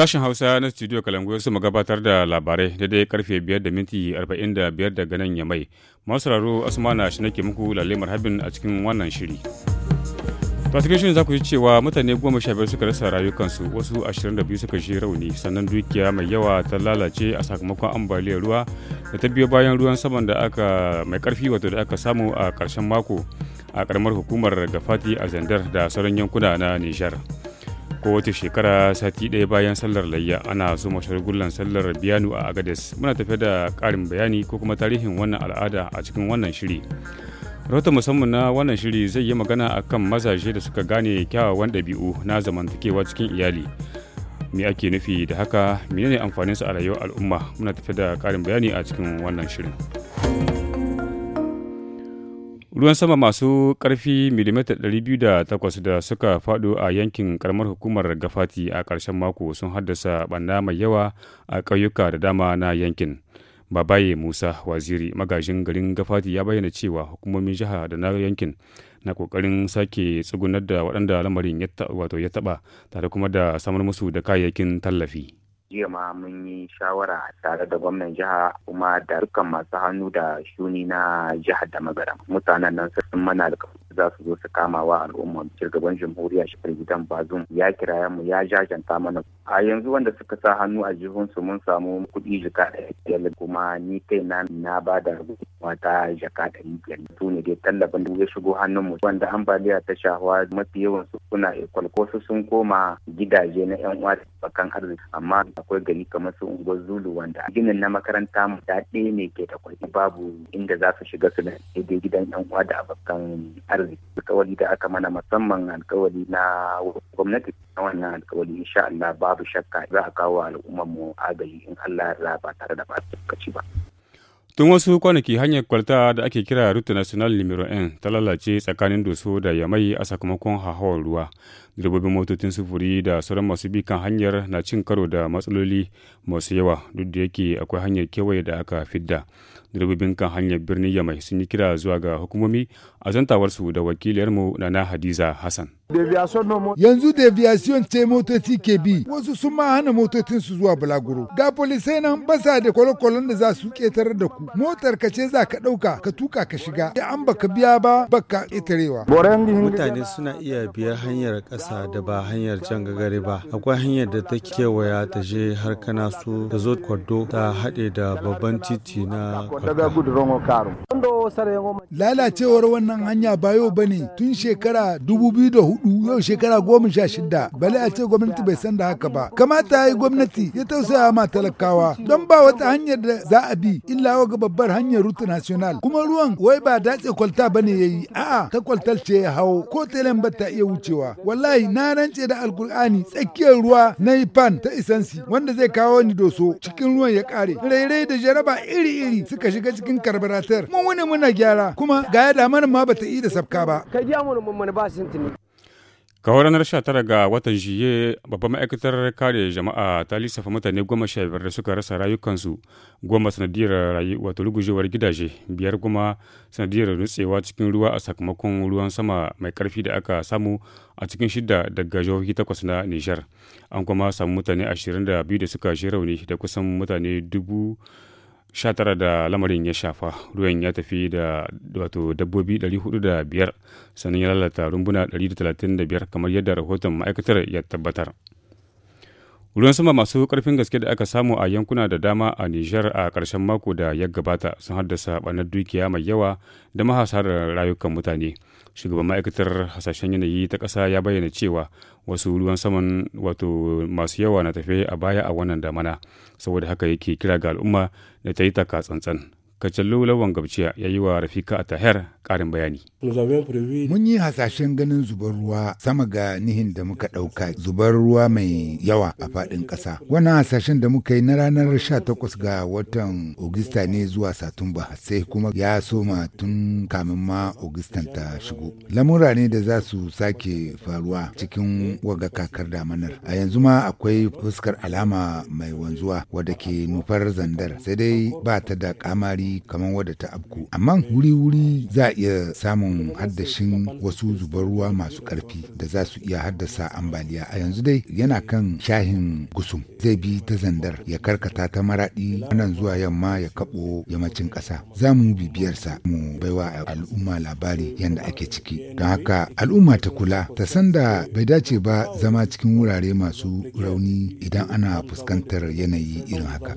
Sashen Hausa na Studio kalangu su gabatar da labarai daidai karfe 5 da minti 45 daga nan ya mai. Masu raro Asmana shi nake muku lalimar harbin a cikin wannan shiri. To cikin shirin za ku ji cewa mutane goma sha biyar suka rasa rayukansu wasu 22 suka shi rauni sannan dukiya mai yawa ta lalace a sakamakon ambaliyar ruwa da ta biyo bayan ruwan saman da aka mai karfi wato da aka samu a karshen mako a karamar hukumar gafati a zandar da sauran yankuna na Nijar. kowace shekara sati ɗaya bayan sallar layya ana zuma shagullan sallar biyanu a agades muna tafe da ƙarin bayani ko kuma tarihin wannan al'ada a cikin wannan shiri rahoton musamman na wannan shiri zai yi magana a kan mazaje da suka gane kyawawan ɗabi'u na zamantakewa cikin iyali me ake nufi da haka menene amfaninsu a rayuwar al'umma muna tafe da ƙarin bayani a cikin wannan shirin. ruwan sama masu ƙarfi milimita 208 da suka faɗo a yankin karamar hukumar gafati a ƙarshen mako sun haddasa ɓanna mai yawa a ƙauyuka da dama na yankin babaye musa waziri magajin garin gafati ya bayyana cewa hukumomin jiha da na yankin na ƙoƙarin sake tsugunar da waɗanda lamarin ya taɓa tare kuma da samar musu da kayayyakin tallafi jiya ma mun yi shawara tare da gwamnan jiha kuma da dukkan masu hannu da shuni na jihar da magaram mutanen nan sun mana alƙawari za su zo su kama wa al'umma shugaban jamhuriya shi firgidan bazum ya kira mu ya jajanta mana a yanzu wanda suka sa hannu a su mun samu kuɗi jika ɗaya kuma ni kai na na ba da wata jaka ɗari biyar su ne dai tallafin da ya shigo hannunmu wanda ambaliya ta shahuwa mafi yawan su suna ikwal sun koma gidaje na yan uwa bakan arziki amma akwai gari kamar su unguwar zulu wanda ginin na makaranta mu da ɗaya ne ke da kuɗi babu inda za su shiga su da gidan yan uwa da abokan arziki arziki alkawali da aka mana musamman alkawali na gwamnati na wannan alkawali insha Allah babu shakka za a kawo al'ummar mu agaji in Allah ya ba tare da ba lokaci ba tun wasu kwanaki hanyar kwalta da ake kira route national numero n ta lalace tsakanin doso da yamai a sakamakon hahawar ruwa direbobin motocin sufuri da sauran masu bi kan hanyar na cin karo da matsaloli masu yawa duk da yake akwai hanyar kewaye da aka fidda direbobin kan hanyar birnin yamai sun yi kira zuwa ga hukumomi a zantawarsu da wakiliyarmu nana hadiza hassan yanzu aviation ce motoci ke bi wasu sun ma hana motocin su zuwa bulaguro ga polisai nan basa da kwalokwalon da za su ƙetare da ku motar ka ce za ka ɗauka ka tuka ka shiga da an baka biya ba baka itarewa. mutane suna iya biyar hanyar kasa da ba hanyar can gagare ba akwai hanyar da ta kewaya ta je har kana su ta zo kwado ta haɗe da babban titi na daga gudrongo karum do sarengo lalacewar wannan hanya ba yau bane tun shekara hudu yau shekara goma 16 bale a ce gwamnati bai san da haka ba kamata ya yi gwamnati ya tausaya ma talakawa don ba wata hanyar da za a bi illa ga babbar hanyar rutu national kuma ruwan wai ba datse kwalta ba ne ya yi. a'a ta kwaltar ce ya hawo ko telen ba ta iya wucewa wallahi na rance da alkur'ani tsakiyar ruwa na ifan ta isansi wanda zai kawo ni doso cikin ruwan ya kare rairai da jaraba iri-iri suka shiga cikin karbaratar mun wani muna gyara kuma ga yadda ma bata yi da sabka ba. kai ji amurin mun ba Ka kawo ranar 19 ga watan jiye babbar ma'aikatar kare jama'a ta lissafa mutane goma sha biyar da suka rasa rayukansu goma sanadiyar rayu wato rugujewar gidaje biyar kuma sanadiyar nutsewa cikin ruwa a sakamakon ruwan sama mai karfi da aka samu a cikin shida daga jihohi takwas na nijar an kuma samu mutane ashirin da biyu da suka shi rauni da kusan mutane dubu sha tara da lamarin ya shafa ruwan ya tafi da wato dabbobi 405 sannan ya lalata rumbuna 135 kamar yadda rahoton ma'aikatar ya tabbatar ruwan sama masu karfin gaske da aka samu a yankuna da dama a nijar a ƙarshen mako da ya gabata sun haddasa ɓanar dukiya mai yawa da mahasarar rayukan mutane shugaban ma'aikatar hasashen yanayi ta ƙasa ya bayyana cewa wasu ruwan saman wato masu yawa na tafe a baya a wannan damana saboda haka yake kira ga al'umma da ta yi taka tsantsan Kacallo Lawan Gabciya ya yi wa Rafika a Ataher ƙarin bayani. Mun yi hasashen ganin zubar ruwa sama ga nihin da muka ɗauka zubar ruwa mai yawa a faɗin ƙasa. Wannan hasashen da muka yi na ranar 18 ga watan Ogista ne zuwa Satumba sai kuma ya soma tun kamin ma Ogistan ta shigo. Lamura ne da za su sake faruwa cikin waga kakar damanar. A yanzu ma akwai fuskar alama mai wanzuwa wadda ke nufar zandar sai dai ba ta da kamari kamar wadda ta afku amma wuri-wuri za a iya samun haddashin wasu zubar ruwa masu karfi da za su iya haddasa ambaliya a yanzu dai yana kan shahin gusum zai bi ta zandar ya karkata ta maradi nan zuwa yamma ya kabo yammacin ƙasa za mu bibiyarsa mu baiwa al'umma labari yadda ake ciki don haka al'umma ta kula ta san da bai dace ba zama cikin wurare masu rauni idan ana fuskantar yanayi irin haka.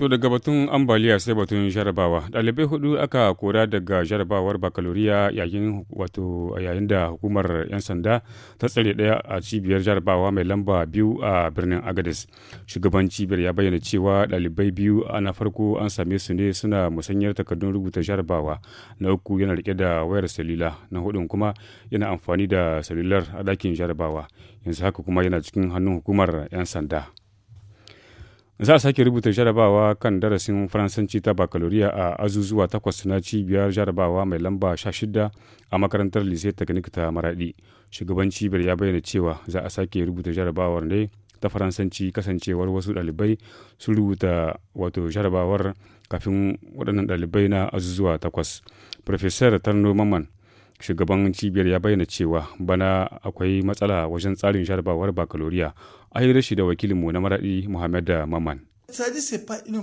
To daga batun ambaliya sai batun jarabawa. Ɗalibai hudu aka kora daga jarabawar bakaloriya yayin wato yayin da hukumar 'yan sanda ta tsare ɗaya a cibiyar jarabawa mai lamba biyu a birnin agadis Shugaban cibiyar ya bayyana cewa ɗalibai biyu na farko an same su ne suna musanyar takardun rubuta jarabawa. Na uku yana rike da wayar salila na hudun kuma yana amfani da salilar a ɗakin jarabawa. Yanzu haka kuma yana cikin hannun hukumar 'yan sanda. za a sake rubuta jarabawa kan darasin faransanci ta bakaloriya a azuzuwa takwas na cibiyar jarabawa mai lamba 16 a makarantar lycée technique ta maradi shugaban cibiyar ya bayyana cewa za a sake rubuta jarabawar ne ta faransanci kasancewar wasu ɗalibai sun rubuta wato jarabawar kafin waɗannan ɗalibai na azuzuwa takwas professor tarno maman shugaban cibiyar ya bayyana cewa bana akwai matsala wajen tsarin jarabawar bakaloriya a rashi da wakilinmu na maraɗi muhammad maman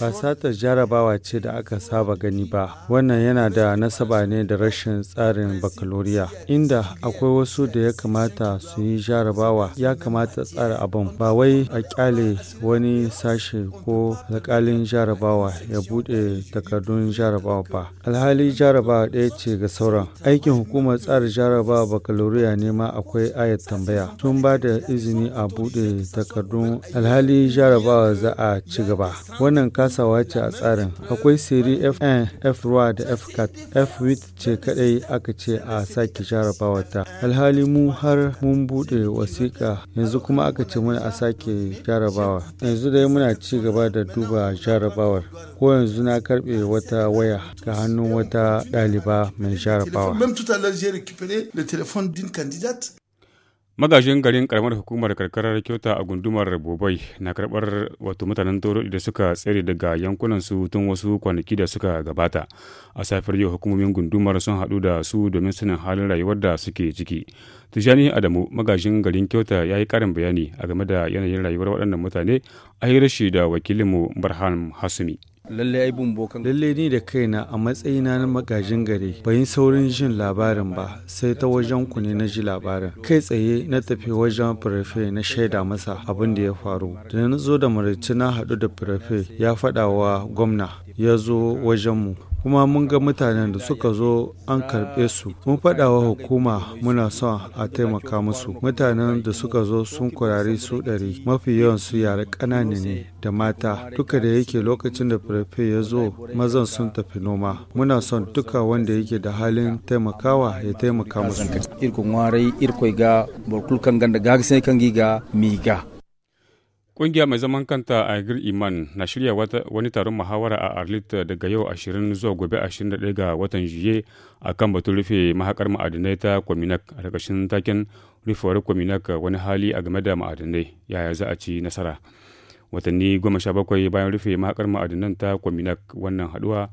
Ba satar jarabawa ce da aka saba gani ba, wannan yana da nasaba ne da rashin tsarin bakaloriya, inda akwai wasu da ya kamata su yi jarabawa ya kamata tsara abin ba wai a kyale wani sashe ko alkalin jarabawa ya bude takardun jarabawa ba. Alhali jarabawa ɗaya ce ga sauran. Aikin hukumar tsara jarabawa bakaloriya ne ma akwai ayat tambaya. tun ba da izini a bude takardun alhali jarabawa za a ci gaba wannan kasawa ce a tsarin akwai siri fn ruwa da f f wit ce kadai aka ce a sake jarabawa ta alhali mu har mun bude wasiƙa yanzu kuma aka ce muna a sake jarabawa yanzu dai muna ci gaba da duba jarabawar ko yanzu na karbe wata waya ga hannun wata ɗaliba mai jarabawa magajin garin karamar hukumar karkarar kyota a gundumar bobai na karbar wato mutanen toro da suka tsere daga yankunan su tun wasu kwanaki da suka gabata a safiyar yau hukumomin gundumar sun hadu da su domin sanin halin rayuwar da suke ciki tijani adamu magajin garin kyota ya yi karin bayani a game da yanayin rayuwar waɗannan mutane a rashi da wakilinmu barham hasumi lalle ai bin bokan lalle ni da kaina a matsayina na magajin gare yin saurin jin labarin ba sai ta wajen ku ne na ji labarin kai tsaye na tafi wajen prefe na shaida masa abin da ya faru da na zo da marici na haɗu da prefe ya faɗa gwamna ya zo wajenmu kuma mun ga mutanen da suka zo an karɓe su mun faɗa wa hukuma muna son a taimaka musu mutanen da suka zo sun kurari su ɗari mafi yawan su yara ne da mata duka da yake lokacin da firfe ya zo mazan sun tafi noma muna son duka wanda yake da halin taimakawa ya taimaka musu irkon warai irkoi ga ganda kan giga miga Ƙungiya mai zaman kanta a Iman na shirya wani taron muhawara a Arlit daga yau 20 zuwa gobe 21 ga watan Juye a kan batun rufe mahakar ma'adinai ta Kwaminak a ƙarƙashin taken rufewar Kwaminak wani hali a game da ma'adinai yaya za a ci nasara. Watanni goma sha bakwai bayan rufe mahakar ma'adinan ta Kwaminak wannan haɗuwa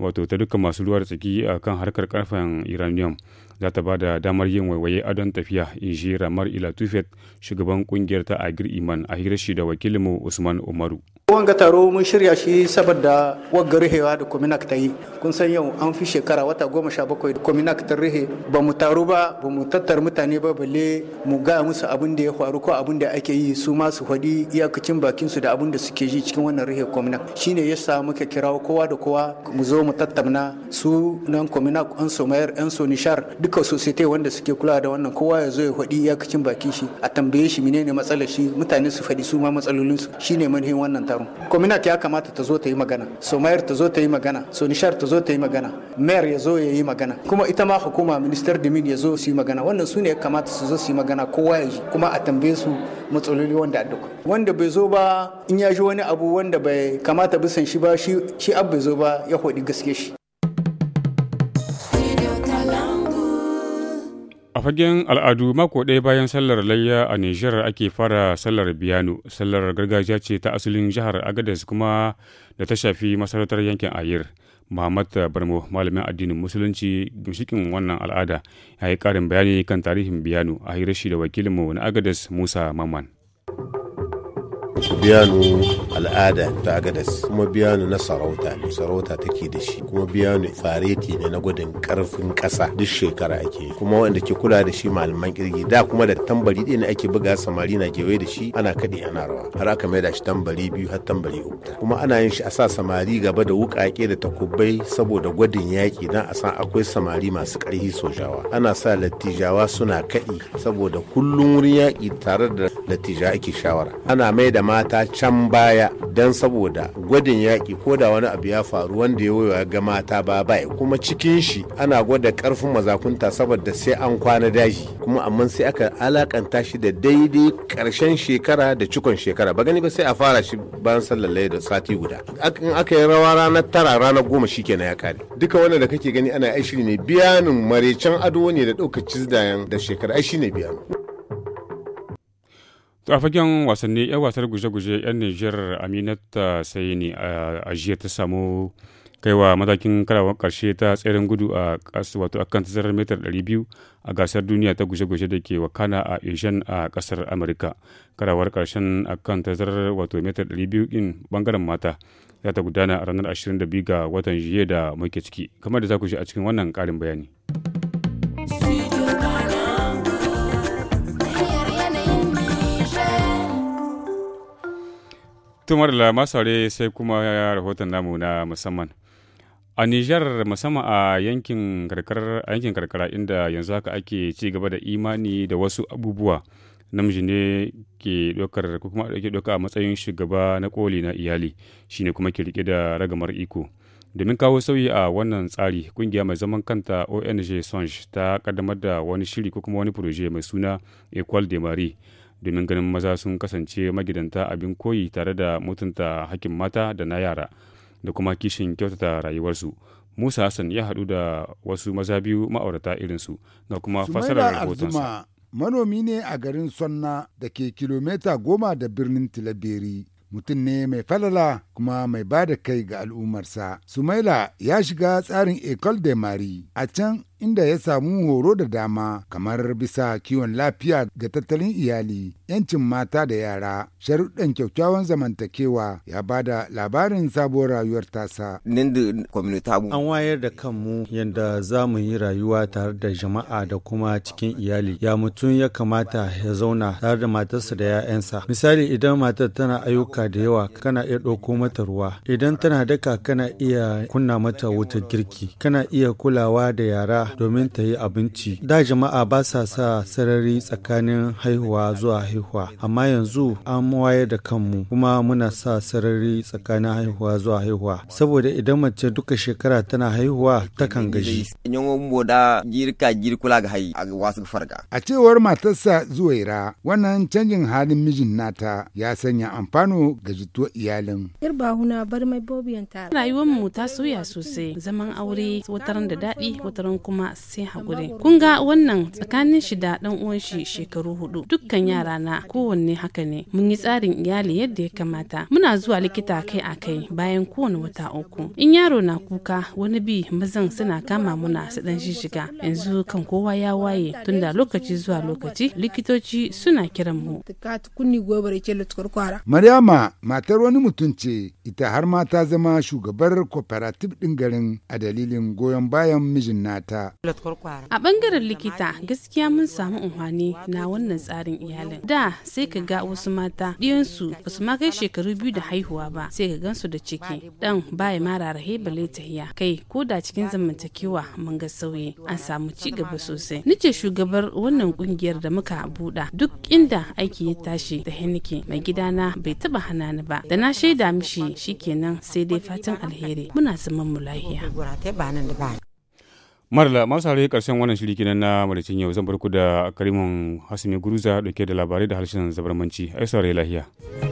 wato ta dukkan masu ruwa da tsaki a kan harkar karfen uranium za ta ba da damar yin waiwaye adon tafiya in ji ramar ila shugaban kungiyar ta agir iman a hirashi da wakilinmu usman umaru wanga taro mun shirya shi saboda wagga rihewa da kominak ta yi kun san yau an fi shekara wata goma sha bakwai da kominak ta rihe ba mu taru ba ba mu tattar mutane ba balle mu ga musu abin da ya faru ko abin da ake yi su ma su faɗi iyakacin bakin su da abin da suke ji cikin wannan rihe kominak shine yasa muka kira kowa da kowa mu zo mu tattauna su nan kominak an mayar an nishar duka sosai wanda suke kula da wannan kowa ya zo ya faɗi iyakacin bakin shi a tambaye shi menene matsalar shi mutane su faɗi su ma matsalolinsu shine manhin wannan taro taron ya kamata ta zo ta yi magana so mayar ta zo ta yi magana so nishar ta zo ta yi magana mayar ya zo ya yi magana kuma ita ma hukuma minister dimin ya zo su yi magana wannan su ne ya kamata su zo su yi magana kowa ya ji kuma a tambaye su matsaloli wanda duk wanda bai zo ba in ya ji wani abu wanda bai kamata bisan shi ba shi shi abu bai zo ba ya hodi gaske shi A fagen al'adu mako ɗaya bayan sallar layya a Nijar ake fara sallar biyano, sallar gargajiya ce ta asalin jihar Agadez kuma da ta shafi masarautar yankin Ayir. Muhammad Barmo, malamin addinin Musulunci, gimshikin wannan al'ada, ya yi ƙarin bayani kan tarihin biyano a hirashi da wakilinmu na Agadez Musa Maman. biya nu al'ada ta agadas kuma biyanu na sarauta ne sarauta take da shi kuma biyanu fareti ne na gudun karfin kasa duk shekara ake kuma wanda ke kula da shi malaman kirgi da kuma da tambari ɗaya ne ake buga samari na gewe da shi ana kaɗe ana rawa har aka mai da shi tambari biyu har tambari uku kuma ana yin shi a sa samari gaba da wuƙaƙe da takubbai saboda gwadin yaƙi dan a san akwai samari masu ƙarfi sojawa ana sa lattijawa suna kaɗi saboda kullum wurin yaƙi tare da lattijawa ake shawara ana mai da. mata can baya don saboda gwadin yaƙi ko da wani abu ya faru wanda ya wayo ga mata ba bai kuma cikin shi ana gwada karfin mazakunta saboda sai an kwana daji kuma amma sai aka alakanta shi da daidai ƙarshen shekara da cikon shekara ba gani ba sai a fara shi bayan sallalai da sati guda in aka yi rawa ranar tara ranar goma shi kenan ya kare duka wanda da kake gani ana aishi ne biyanin marecen ado ne da ɗaukar cizdayan da shekara aishi ne biyanin To a fagen wasanni 'yan wasar guje-guje 'yan Nijar Aminata sai ne a jiya ta samu kaiwa matakin karawar karshe ta tseren gudu a kasu wato akan tazarar mitar 200 a gasar duniya ta guje-guje da ke wakana a asian a kasar amurka karawar karshen akan tazarar wato mitar 200 din bangaren mata za ta gudana a ranar 22 ga watan jiye da muke ciki kamar da za ku shi a cikin wannan karin bayani tumar da masaure sai kuma rahoton namu na musamman a nijar musamman a yankin karkara inda yanzu haka ake ci gaba da imani da wasu abubuwa namiji ne ke ɗaukar ko kuma ke ɗauka a matsayin shugaba na koli na iyali shine kuma ke rike da ragamar iko domin kawo sauyi a wannan tsari kungiya mai zaman kanta ong sonj ta kaddamar da wani shiri ko kuma wani mai suna ecole de marie domin ganin maza sun kasance magidanta abin koyi tare da mutunta hakkin mata da na yara da kuma kishin kyautata rayuwarsu musa hassan ya haɗu da wasu maza biyu ma'aurata irinsu ga kuma fasarar rahotonsa manomi ne a garin sonna da ke kilomita goma da birnin tilaberi mutum ne mai falala kuma mai ba da kai ga al'ummarsa. Sumaila ya shiga tsarin Ecole de Mari. A can inda ya samu horo da dama kamar bisa kiwon lafiya ga tattalin iyali, 'yancin mata da yara, sharuɗan kyakkyawan zamantakewa ya ba da labarin sabuwar rayuwar tasa. An wayar da kanmu yadda za mu yi rayuwa tare da jama'a da kuma cikin iyali. Ya mutum ya kamata ya zauna tare da matarsa da 'ya'yansa. Misali idan matar tana ayyuka da yawa kana iya ɗauko mata ruwa. Idan tana daka kana iya kunna mata wutar girki. Kana iya kulawa da yara domin ta yi abinci. Da jama'a ba sa sa sarari tsakanin haihuwa zuwa haihuwa, amma yanzu an wayar da kanmu kuma muna sa sarari tsakanin haihuwa zuwa haihuwa. Saboda idan mace duka shekara tana haihuwa ta kan gaji. A cewar matarsa Zuwaira, wannan canjin halin mijin nata ya sanya amfano ga iyalin. bar mai ta. soya sosai, zaman aure wataran da daɗi wataran kuma kuma sai hakuri kun ga wannan tsakanin shi da dan uwan shi shekaru hudu dukkan yara na kowanne haka ne mun yi tsarin iyali yadda ya kamata muna zuwa likita kai a kai bayan kowane wata uku in yaro na kuka wani bi mazan suna kama muna su dan shiga yanzu kan kowa ya waye tunda lokaci zuwa lokaci likitoci suna kiran mu Maryama matar wani mutum ce ita har ma ta zama shugabar cooperative din garin a dalilin goyon bayan mijin nata A bangaren likita gaskiya mun samu unhwani na wannan tsarin iyalin. Da sai ka ga wasu mata ɗiyansu ba su ma kai shekaru biyu da haihuwa ba sai ka gansu da ciki. Dan baya mara rahe bale tahiya kai ko da cikin zamantakewa mun ga sauyi an samu ci gaba sosai. Nice shugabar wannan kungiyar da muka buɗa duk inda aiki ya tashi da henike mai gidana bai taɓa hana ni ba da na shaida mishi shikenan sai dai fatan alheri muna zaman mu lahiya. Marla, masu hari karshen wannan shiri kenan na malicin yau zan barku da Karimun Hasumi Guruza dauke da labarai da harshen zabarmanci. Ai saurayi lahiya.